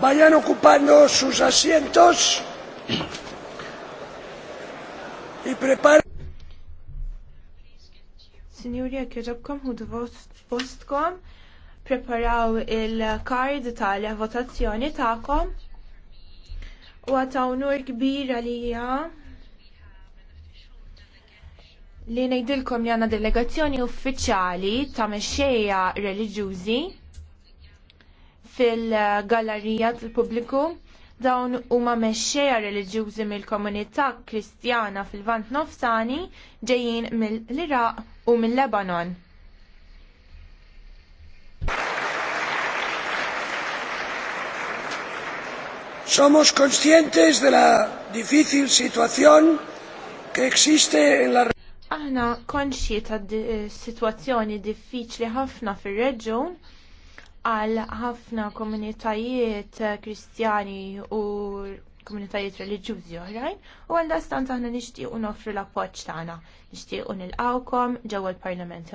Vayan ocupando sus asientos y preparen. Signori, għakħġabkom hu d-vostkom, preparaw il-kard tal-votazzjoni ta'kom u għataw nur kbir għalija li nejdilkom li għanna delegazzjoni uffiċjali ta' mexxejja reliġjużi fil-gallerija tal-pubbliku dawn huma mexxejja reliġjużi mill-komunità Kristjana fil-Vant Nofsani ġejjin mill-Iraq u mill-Lebanon. Somos conscientes de la difícil situación que existe en la Aħna konxji ta' eh, situazzjoni diffiċli ħafna fir-reġjun għal ħafna komunitajiet kristjani u komunitajiet reliġjużi oħrajn u għal taħna aħna nixtiequ noffru l-appoġġ tagħna. Nixtiequ nilqawkom ġewwa l-Parlament